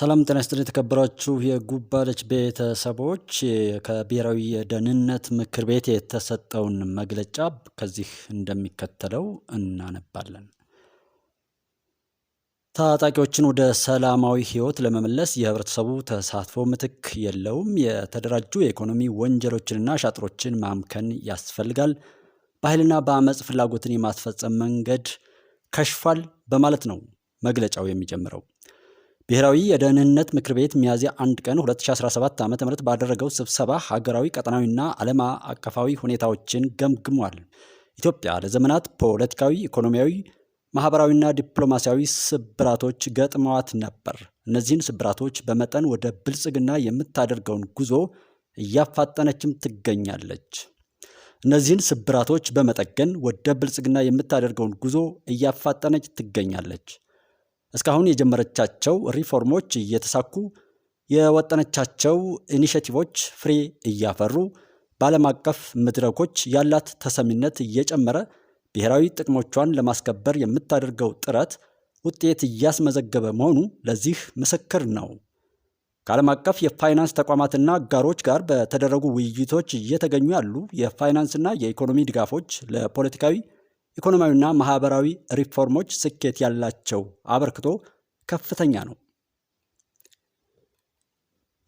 ሰላም ጤና የተከበራችሁ የጉባለች ቤተሰቦች ከብሔራዊ የደህንነት ምክር ቤት የተሰጠውን መግለጫ ከዚህ እንደሚከተለው እናነባለን። ታጣቂዎችን ወደ ሰላማዊ ህይወት ለመመለስ የህብረተሰቡ ተሳትፎ ምትክ የለውም። የተደራጁ የኢኮኖሚ ወንጀሎችንና ሻጥሮችን ማምከን ያስፈልጋል። በኃይልና በአመፅ ፍላጎትን የማስፈጸም መንገድ ከሽፏል በማለት ነው መግለጫው የሚጀምረው። ብሔራዊ የደህንነት ምክር ቤት ሚያዝያ 1 ቀን 2017 ዓ ም ባደረገው ስብሰባ ሀገራዊ ቀጠናዊና ዓለም አቀፋዊ ሁኔታዎችን ገምግሟል። ኢትዮጵያ ለዘመናት ፖለቲካዊ፣ ኢኮኖሚያዊ፣ ማህበራዊና ዲፕሎማሲያዊ ስብራቶች ገጥመዋት ነበር። እነዚህን ስብራቶች በመጠን ወደ ብልጽግና የምታደርገውን ጉዞ እያፋጠነችም ትገኛለች። እነዚህን ስብራቶች በመጠገን ወደ ብልጽግና የምታደርገውን ጉዞ እያፋጠነች ትገኛለች። እስካሁን የጀመረቻቸው ሪፎርሞች እየተሳኩ የወጠነቻቸው ኢኒሽቲቮች ፍሬ እያፈሩ በዓለም አቀፍ መድረኮች ያላት ተሰሚነት እየጨመረ ብሔራዊ ጥቅሞቿን ለማስከበር የምታደርገው ጥረት ውጤት እያስመዘገበ መሆኑ ለዚህ ምስክር ነው። ከዓለም አቀፍ የፋይናንስ ተቋማትና አጋሮች ጋር በተደረጉ ውይይቶች እየተገኙ ያሉ የፋይናንስና የኢኮኖሚ ድጋፎች ለፖለቲካዊ ኢኮኖሚያዊና ማህበራዊ ሪፎርሞች ስኬት ያላቸው አበርክቶ ከፍተኛ ነው።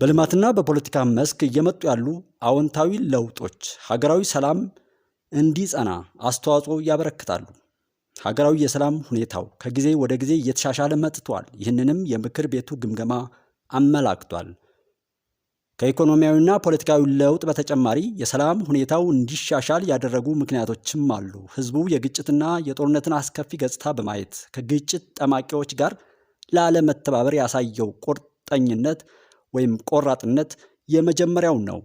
በልማትና በፖለቲካ መስክ እየመጡ ያሉ አዎንታዊ ለውጦች ሀገራዊ ሰላም እንዲጸና አስተዋጽኦ ያበረክታሉ። ሀገራዊ የሰላም ሁኔታው ከጊዜ ወደ ጊዜ እየተሻሻለ መጥቷል። ይህንንም የምክር ቤቱ ግምገማ አመላክቷል። ከኢኮኖሚያዊና ፖለቲካዊ ለውጥ በተጨማሪ የሰላም ሁኔታው እንዲሻሻል ያደረጉ ምክንያቶችም አሉ። ህዝቡ የግጭትና የጦርነትን አስከፊ ገጽታ በማየት ከግጭት ጠማቂዎች ጋር ላለመተባበር ያሳየው ቁርጠኝነት ወይም ቆራጥነት የመጀመሪያው ነው።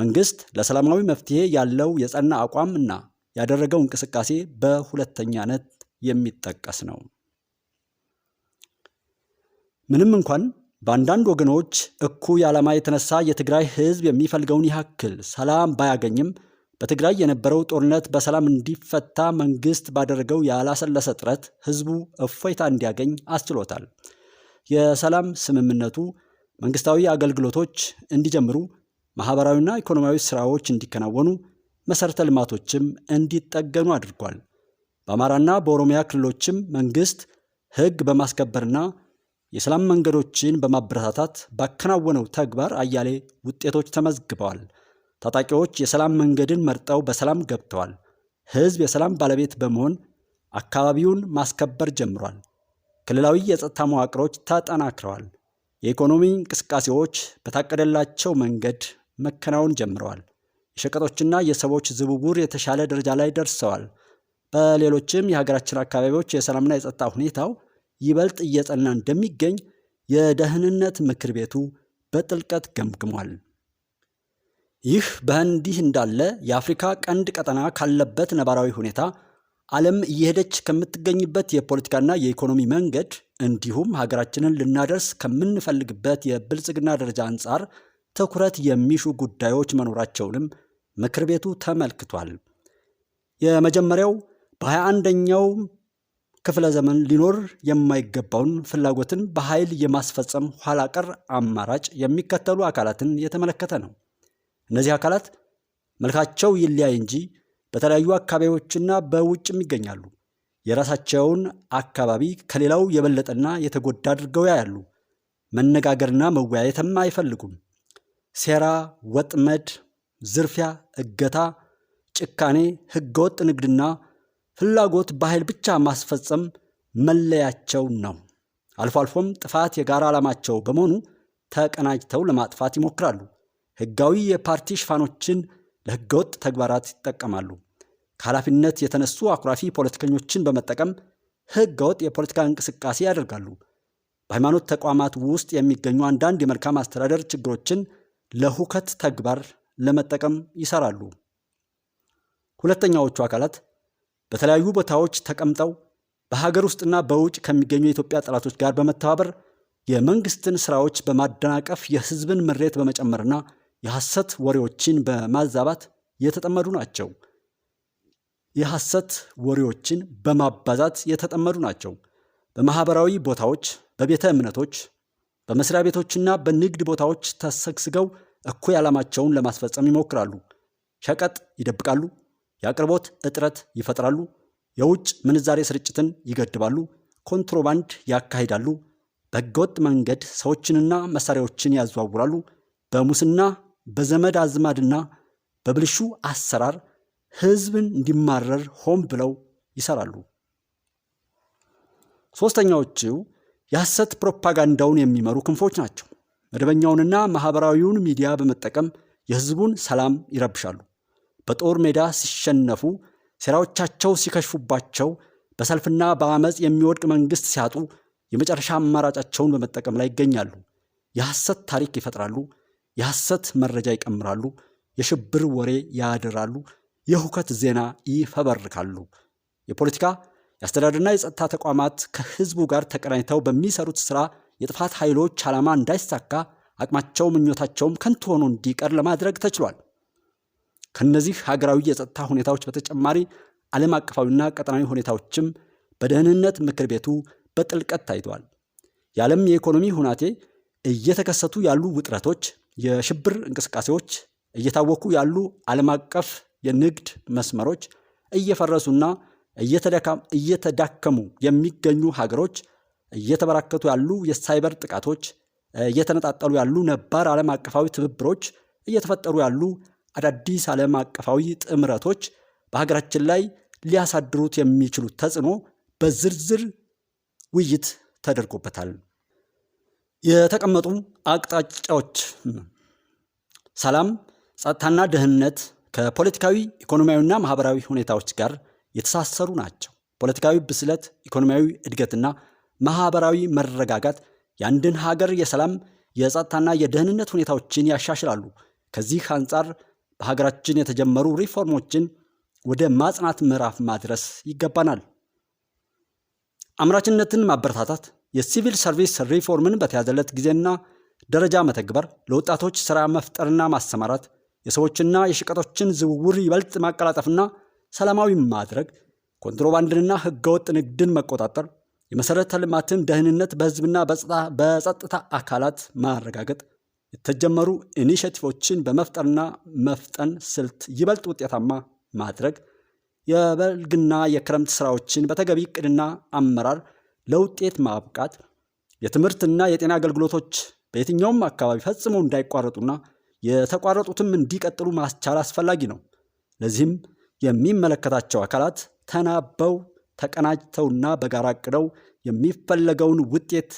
መንግስት ለሰላማዊ መፍትሄ ያለው የጸና አቋም እና ያደረገው እንቅስቃሴ በሁለተኛነት የሚጠቀስ ነው። ምንም እንኳን በአንዳንድ ወገኖች እኩይ ዓላማ የተነሳ የትግራይ ህዝብ የሚፈልገውን ያክል ሰላም ባያገኝም በትግራይ የነበረው ጦርነት በሰላም እንዲፈታ መንግስት ባደረገው ያላሰለሰ ጥረት ሕዝቡ እፎይታ እንዲያገኝ አስችሎታል። የሰላም ስምምነቱ መንግስታዊ አገልግሎቶች እንዲጀምሩ፣ ማህበራዊና ኢኮኖሚያዊ ስራዎች እንዲከናወኑ፣ መሰረተ ልማቶችም እንዲጠገኑ አድርጓል። በአማራና በኦሮሚያ ክልሎችም መንግስት ሕግ በማስከበርና የሰላም መንገዶችን በማበረታታት ባከናወነው ተግባር አያሌ ውጤቶች ተመዝግበዋል። ታጣቂዎች የሰላም መንገድን መርጠው በሰላም ገብተዋል። ሕዝብ የሰላም ባለቤት በመሆን አካባቢውን ማስከበር ጀምሯል። ክልላዊ የጸጥታ መዋቅሮች ተጠናክረዋል። የኢኮኖሚ እንቅስቃሴዎች በታቀደላቸው መንገድ መከናወን ጀምረዋል። የሸቀጦችና የሰዎች ዝውውር የተሻለ ደረጃ ላይ ደርሰዋል። በሌሎችም የሀገራችን አካባቢዎች የሰላምና የጸጥታ ሁኔታው ይበልጥ እየጸና እንደሚገኝ የደህንነት ምክር ቤቱ በጥልቀት ገምግሟል። ይህ በእንዲህ እንዳለ የአፍሪካ ቀንድ ቀጠና ካለበት ነባራዊ ሁኔታ ዓለም እየሄደች ከምትገኝበት የፖለቲካና የኢኮኖሚ መንገድ እንዲሁም ሀገራችንን ልናደርስ ከምንፈልግበት የብልጽግና ደረጃ አንጻር ትኩረት የሚሹ ጉዳዮች መኖራቸውንም ምክር ቤቱ ተመልክቷል። የመጀመሪያው በ21ኛው ክፍለ ዘመን ሊኖር የማይገባውን ፍላጎትን በኃይል የማስፈጸም ኋላቀር አማራጭ የሚከተሉ አካላትን የተመለከተ ነው። እነዚህ አካላት መልካቸው ይለያይ እንጂ በተለያዩ አካባቢዎችና በውጭም ይገኛሉ። የራሳቸውን አካባቢ ከሌላው የበለጠና የተጎዳ አድርገው ያያሉ። መነጋገርና መወያየትም አይፈልጉም። ሴራ፣ ወጥመድ፣ ዝርፊያ፣ እገታ፣ ጭካኔ፣ ህገወጥ ንግድና ፍላጎት በኃይል ብቻ ማስፈጸም መለያቸው ነው። አልፎ አልፎም ጥፋት የጋራ ዓላማቸው በመሆኑ ተቀናጅተው ለማጥፋት ይሞክራሉ። ሕጋዊ የፓርቲ ሽፋኖችን ለሕገወጥ ተግባራት ይጠቀማሉ። ከኃላፊነት የተነሱ አኩራፊ ፖለቲከኞችን በመጠቀም ሕገወጥ የፖለቲካ እንቅስቃሴ ያደርጋሉ። በሃይማኖት ተቋማት ውስጥ የሚገኙ አንዳንድ የመልካም አስተዳደር ችግሮችን ለሁከት ተግባር ለመጠቀም ይሰራሉ። ሁለተኛዎቹ አካላት በተለያዩ ቦታዎች ተቀምጠው በሀገር ውስጥና በውጭ ከሚገኙ የኢትዮጵያ ጠላቶች ጋር በመተባበር የመንግስትን ስራዎች በማደናቀፍ የህዝብን ምሬት በመጨመርና የሐሰት ወሬዎችን በማዛባት የተጠመዱ ናቸው። የሐሰት ወሬዎችን በማባዛት የተጠመዱ ናቸው። በማኅበራዊ ቦታዎች፣ በቤተ እምነቶች፣ በመስሪያ ቤቶችና በንግድ ቦታዎች ተሰግስገው እኩይ ዓላማቸውን ለማስፈጸም ይሞክራሉ። ሸቀጥ ይደብቃሉ። የአቅርቦት እጥረት ይፈጥራሉ፣ የውጭ ምንዛሬ ስርጭትን ይገድባሉ፣ ኮንትሮባንድ ያካሂዳሉ፣ በህገወጥ መንገድ ሰዎችንና መሳሪያዎችን ያዘዋውራሉ፣ በሙስና በዘመድ አዝማድና በብልሹ አሰራር ህዝብን እንዲማረር ሆን ብለው ይሰራሉ። ሶስተኛዎቹ የሐሰት ፕሮፓጋንዳውን የሚመሩ ክንፎች ናቸው። መደበኛውንና ማህበራዊውን ሚዲያ በመጠቀም የህዝቡን ሰላም ይረብሻሉ። በጦር ሜዳ ሲሸነፉ፣ ሴራዎቻቸው ሲከሽፉባቸው፣ በሰልፍና በአመፅ የሚወድቅ መንግስት ሲያጡ የመጨረሻ አማራጫቸውን በመጠቀም ላይ ይገኛሉ። የሐሰት ታሪክ ይፈጥራሉ። የሐሰት መረጃ ይቀምራሉ። የሽብር ወሬ ያድራሉ። የሁከት ዜና ይፈበርካሉ። የፖለቲካ የአስተዳደርና የጸጥታ ተቋማት ከህዝቡ ጋር ተቀናኝተው በሚሰሩት ስራ የጥፋት ኃይሎች ዓላማ እንዳይሳካ አቅማቸው ምኞታቸውም ከንቱ ሆኖ እንዲቀር ለማድረግ ተችሏል። ከእነዚህ ሀገራዊ የጸጥታ ሁኔታዎች በተጨማሪ ዓለም አቀፋዊና ቀጠናዊ ሁኔታዎችም በደህንነት ምክር ቤቱ በጥልቀት ታይተዋል። የዓለም የኢኮኖሚ ሁናቴ፣ እየተከሰቱ ያሉ ውጥረቶች፣ የሽብር እንቅስቃሴዎች፣ እየታወኩ ያሉ ዓለም አቀፍ የንግድ መስመሮች፣ እየፈረሱና እየተዳከሙ የሚገኙ ሀገሮች፣ እየተበራከቱ ያሉ የሳይበር ጥቃቶች፣ እየተነጣጠሉ ያሉ ነባር ዓለም አቀፋዊ ትብብሮች፣ እየተፈጠሩ ያሉ አዳዲስ ዓለም አቀፋዊ ጥምረቶች በሀገራችን ላይ ሊያሳድሩት የሚችሉት ተጽዕኖ በዝርዝር ውይይት ተደርጎበታል። የተቀመጡ አቅጣጫዎች ሰላም፣ ጸጥታና ደህንነት ከፖለቲካዊ ኢኮኖሚያዊና ማህበራዊ ሁኔታዎች ጋር የተሳሰሩ ናቸው። ፖለቲካዊ ብስለት፣ ኢኮኖሚያዊ እድገትና ማህበራዊ መረጋጋት የአንድን ሀገር የሰላም የጸጥታና የደህንነት ሁኔታዎችን ያሻሽላሉ። ከዚህ አንጻር በሀገራችን የተጀመሩ ሪፎርሞችን ወደ ማጽናት ምዕራፍ ማድረስ ይገባናል። አምራችነትን ማበረታታት፣ የሲቪል ሰርቪስ ሪፎርምን በተያዘለት ጊዜና ደረጃ መተግበር፣ ለወጣቶች ሥራ መፍጠርና ማሰማራት፣ የሰዎችና የሸቀጦችን ዝውውር ይበልጥ ማቀላጠፍና ሰላማዊ ማድረግ፣ ኮንትሮባንድንና ህገወጥ ንግድን መቆጣጠር፣ የመሠረተ ልማትን ደህንነት በሕዝብና በጸጥታ አካላት ማረጋገጥ የተጀመሩ ኢኒሽቲቮችን በመፍጠርና መፍጠን ስልት ይበልጥ ውጤታማ ማድረግ፣ የበልግና የክረምት ስራዎችን በተገቢ እቅድና አመራር ለውጤት ማብቃት፣ የትምህርትና የጤና አገልግሎቶች በየትኛውም አካባቢ ፈጽሞ እንዳይቋረጡና የተቋረጡትም እንዲቀጥሉ ማስቻል አስፈላጊ ነው። ለዚህም የሚመለከታቸው አካላት ተናበው ተቀናጅተውና በጋራ አቅደው የሚፈለገውን ውጤት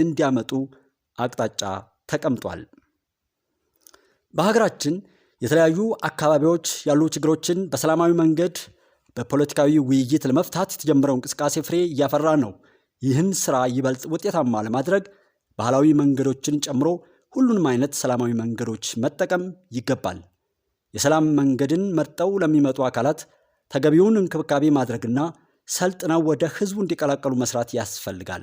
እንዲያመጡ አቅጣጫ ተቀምጧል። በሀገራችን የተለያዩ አካባቢዎች ያሉ ችግሮችን በሰላማዊ መንገድ በፖለቲካዊ ውይይት ለመፍታት የተጀመረው እንቅስቃሴ ፍሬ እያፈራ ነው። ይህን ስራ ይበልጥ ውጤታማ ለማድረግ ባህላዊ መንገዶችን ጨምሮ ሁሉንም አይነት ሰላማዊ መንገዶች መጠቀም ይገባል። የሰላም መንገድን መርጠው ለሚመጡ አካላት ተገቢውን እንክብካቤ ማድረግና ሰልጥነው ወደ ህዝቡ እንዲቀላቀሉ መስራት ያስፈልጋል።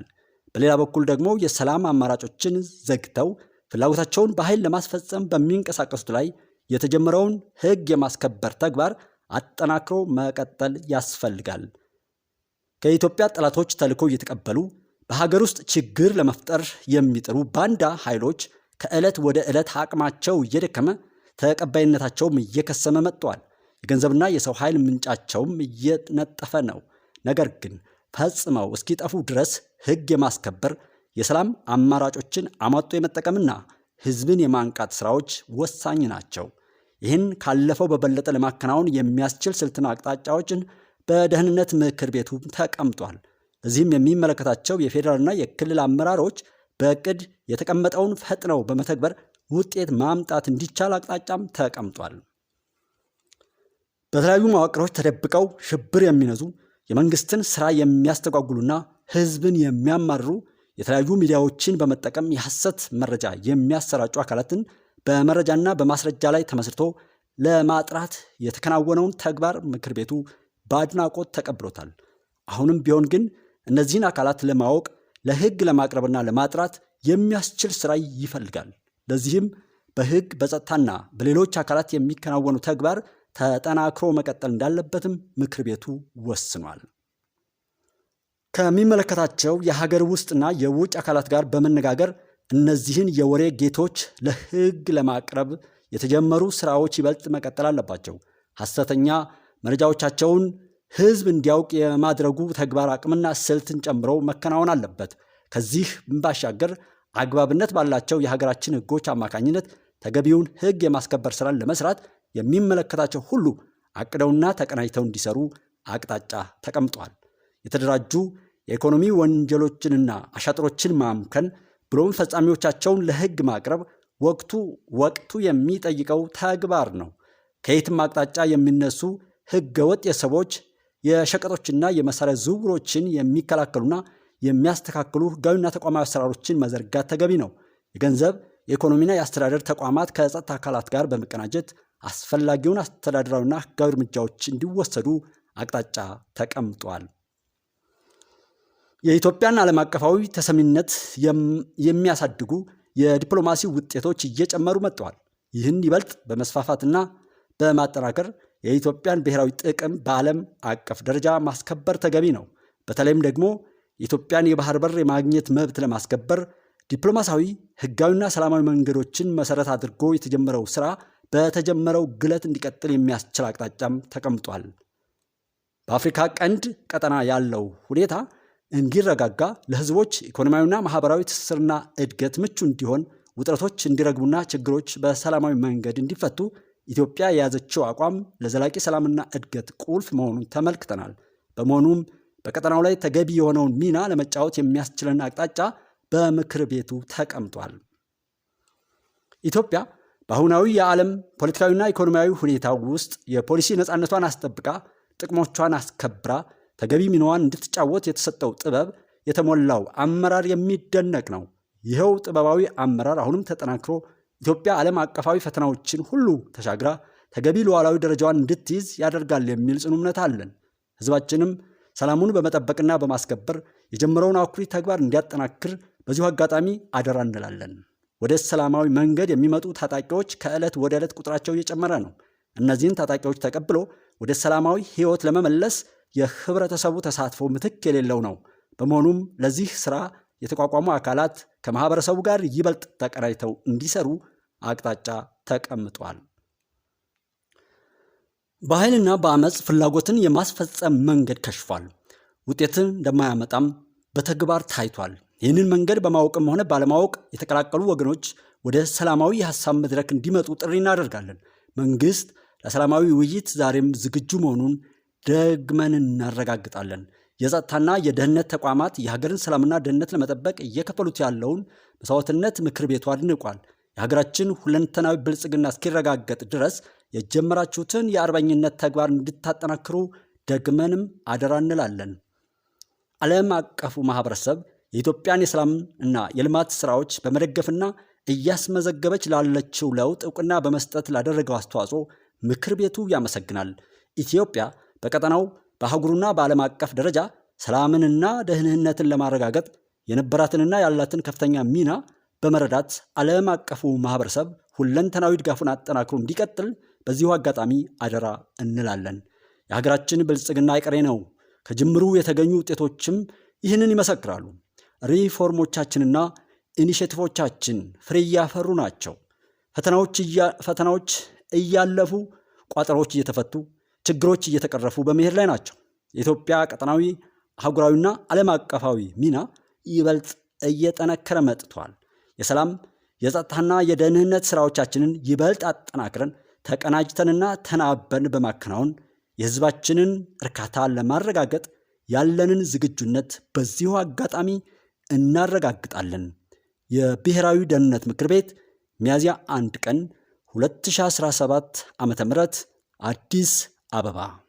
በሌላ በኩል ደግሞ የሰላም አማራጮችን ዘግተው ፍላጎታቸውን በኃይል ለማስፈጸም በሚንቀሳቀሱት ላይ የተጀመረውን ሕግ የማስከበር ተግባር አጠናክሮ መቀጠል ያስፈልጋል። ከኢትዮጵያ ጠላቶች ተልዕኮ እየተቀበሉ በሀገር ውስጥ ችግር ለመፍጠር የሚጥሩ ባንዳ ኃይሎች ከዕለት ወደ ዕለት አቅማቸው እየደከመ ተቀባይነታቸውም እየከሰመ መጥቷል። የገንዘብና የሰው ኃይል ምንጫቸውም እየነጠፈ ነው። ነገር ግን ፈጽመው እስኪጠፉ ድረስ ሕግ የማስከበር የሰላም አማራጮችን አሟጦ የመጠቀምና ህዝብን የማንቃት ስራዎች ወሳኝ ናቸው። ይህን ካለፈው በበለጠ ለማከናወን የሚያስችል ስልትና አቅጣጫዎችን በደህንነት ምክር ቤቱ ተቀምጧል። እዚህም የሚመለከታቸው የፌዴራልና የክልል አመራሮች በእቅድ የተቀመጠውን ፈጥነው በመተግበር ውጤት ማምጣት እንዲቻል አቅጣጫም ተቀምጧል። በተለያዩ መዋቅሮች ተደብቀው ሽብር የሚነዙ የመንግስትን ስራ የሚያስተጓጉሉና ህዝብን የሚያማርሩ የተለያዩ ሚዲያዎችን በመጠቀም የሐሰት መረጃ የሚያሰራጩ አካላትን በመረጃና በማስረጃ ላይ ተመስርቶ ለማጥራት የተከናወነውን ተግባር ምክር ቤቱ በአድናቆት ተቀብሎታል። አሁንም ቢሆን ግን እነዚህን አካላት ለማወቅ ለሕግ ለማቅረብና ለማጥራት የሚያስችል ስራ ይፈልጋል። ለዚህም በሕግ በጸጥታና በሌሎች አካላት የሚከናወኑ ተግባር ተጠናክሮ መቀጠል እንዳለበትም ምክር ቤቱ ወስኗል። ከሚመለከታቸው የሀገር ውስጥና የውጭ አካላት ጋር በመነጋገር እነዚህን የወሬ ጌቶች ለሕግ ለማቅረብ የተጀመሩ ስራዎች ይበልጥ መቀጠል አለባቸው። ሐሰተኛ መረጃዎቻቸውን ሕዝብ እንዲያውቅ የማድረጉ ተግባር አቅምና ስልትን ጨምሮ መከናወን አለበት። ከዚህ ባሻገር አግባብነት ባላቸው የሀገራችን ሕጎች አማካኝነት ተገቢውን ሕግ የማስከበር ስራን ለመስራት የሚመለከታቸው ሁሉ አቅደውና ተቀናጅተው እንዲሰሩ አቅጣጫ ተቀምጧል። የተደራጁ የኢኮኖሚ ወንጀሎችንና አሻጥሮችን ማምከን ብሎም ፈጻሚዎቻቸውን ለሕግ ማቅረብ ወቅቱ ወቅቱ የሚጠይቀው ተግባር ነው። ከየትም አቅጣጫ የሚነሱ ሕገወጥ የሰዎች የሸቀጦችና የመሳሪያ ዝውውሮችን የሚከላከሉና የሚያስተካክሉ ሕጋዊና ተቋማዊ አሰራሮችን መዘርጋት ተገቢ ነው። የገንዘብ የኢኮኖሚና የአስተዳደር ተቋማት ከጸጥታ አካላት ጋር በመቀናጀት አስፈላጊውን አስተዳደራዊና ሕጋዊ እርምጃዎች እንዲወሰዱ አቅጣጫ ተቀምጧል። የኢትዮጵያን ዓለም አቀፋዊ ተሰሚነት የሚያሳድጉ የዲፕሎማሲ ውጤቶች እየጨመሩ መጥተዋል። ይህን ይበልጥ በመስፋፋትና በማጠናከር የኢትዮጵያን ብሔራዊ ጥቅም በዓለም አቀፍ ደረጃ ማስከበር ተገቢ ነው። በተለይም ደግሞ የኢትዮጵያን የባህር በር የማግኘት መብት ለማስከበር ዲፕሎማሲያዊ፣ ህጋዊና ሰላማዊ መንገዶችን መሰረት አድርጎ የተጀመረው ስራ በተጀመረው ግለት እንዲቀጥል የሚያስችል አቅጣጫም ተቀምጧል። በአፍሪካ ቀንድ ቀጠና ያለው ሁኔታ እንዲረጋጋ ለህዝቦች ኢኮኖሚያዊና ማህበራዊ ትስስርና እድገት ምቹ እንዲሆን ውጥረቶች እንዲረግቡና ችግሮች በሰላማዊ መንገድ እንዲፈቱ ኢትዮጵያ የያዘችው አቋም ለዘላቂ ሰላምና እድገት ቁልፍ መሆኑን ተመልክተናል። በመሆኑም በቀጠናው ላይ ተገቢ የሆነውን ሚና ለመጫወት የሚያስችለን አቅጣጫ በምክር ቤቱ ተቀምጧል። ኢትዮጵያ በአሁናዊ የዓለም ፖለቲካዊና ኢኮኖሚያዊ ሁኔታ ውስጥ የፖሊሲ ነፃነቷን አስጠብቃ ጥቅሞቿን አስከብራ ተገቢ ሚናዋን እንድትጫወት የተሰጠው ጥበብ የተሞላው አመራር የሚደነቅ ነው። ይኸው ጥበባዊ አመራር አሁንም ተጠናክሮ ኢትዮጵያ ዓለም አቀፋዊ ፈተናዎችን ሁሉ ተሻግራ ተገቢ ሉዓላዊ ደረጃዋን እንድትይዝ ያደርጋል የሚል ጽኑ እምነት አለን። ህዝባችንም ሰላሙን በመጠበቅና በማስከበር የጀመረውን አኩሪ ተግባር እንዲያጠናክር በዚሁ አጋጣሚ አደራ እንላለን። ወደ ሰላማዊ መንገድ የሚመጡ ታጣቂዎች ከዕለት ወደ ዕለት ቁጥራቸው እየጨመረ ነው። እነዚህን ታጣቂዎች ተቀብሎ ወደ ሰላማዊ ህይወት ለመመለስ የህብረተሰቡ ተሳትፎ ምትክ የሌለው ነው። በመሆኑም ለዚህ ስራ የተቋቋሙ አካላት ከማህበረሰቡ ጋር ይበልጥ ተቀናጅተው እንዲሰሩ አቅጣጫ ተቀምጧል። በኃይልና በአመፅ ፍላጎትን የማስፈጸም መንገድ ከሽፏል። ውጤትን እንደማያመጣም በተግባር ታይቷል። ይህንን መንገድ በማወቅም ሆነ ባለማወቅ የተቀላቀሉ ወገኖች ወደ ሰላማዊ የሀሳብ መድረክ እንዲመጡ ጥሪ እናደርጋለን። መንግስት ለሰላማዊ ውይይት ዛሬም ዝግጁ መሆኑን ደግመን እናረጋግጣለን። የጸጥታና የደህንነት ተቋማት የሀገርን ሰላምና ደህንነት ለመጠበቅ እየከፈሉት ያለውን መስዋዕትነት ምክር ቤቱ አድንቋል። የሀገራችን ሁለንተናዊ ብልጽግና እስኪረጋገጥ ድረስ የጀመራችሁትን የአርበኝነት ተግባር እንድታጠናክሩ ደግመንም አደራ እንላለን። ዓለም አቀፉ ማህበረሰብ የኢትዮጵያን የሰላም እና የልማት ስራዎች በመደገፍና እያስመዘገበች ላለችው ለውጥ እውቅና በመስጠት ላደረገው አስተዋጽኦ ምክር ቤቱ ያመሰግናል። ኢትዮጵያ በቀጠናው በአህጉሩና በዓለም አቀፍ ደረጃ ሰላምንና ደህንነትን ለማረጋገጥ የነበራትንና ያላትን ከፍተኛ ሚና በመረዳት ዓለም አቀፉ ማህበረሰብ ሁለንተናዊ ድጋፉን አጠናክሮ እንዲቀጥል በዚሁ አጋጣሚ አደራ እንላለን። የሀገራችን ብልጽግና አይቀሬ ነው። ከጅምሩ የተገኙ ውጤቶችም ይህንን ይመሰክራሉ። ሪፎርሞቻችንና ኢኒሽቲቮቻችን ፍሬ እያፈሩ ናቸው። ፈተናዎች እያለፉ ቋጠሮዎች እየተፈቱ ችግሮች እየተቀረፉ በመሄድ ላይ ናቸው። የኢትዮጵያ ቀጠናዊ አህጉራዊና ዓለም አቀፋዊ ሚና ይበልጥ እየጠነከረ መጥቷል። የሰላም የጸጥታና የደህንነት ስራዎቻችንን ይበልጥ አጠናክረን ተቀናጅተንና ተናበን በማከናወን የህዝባችንን እርካታ ለማረጋገጥ ያለንን ዝግጁነት በዚሁ አጋጣሚ እናረጋግጣለን። የብሔራዊ ደህንነት ምክር ቤት ሚያዝያ 1 ቀን 2017 ም አዲስ አበባ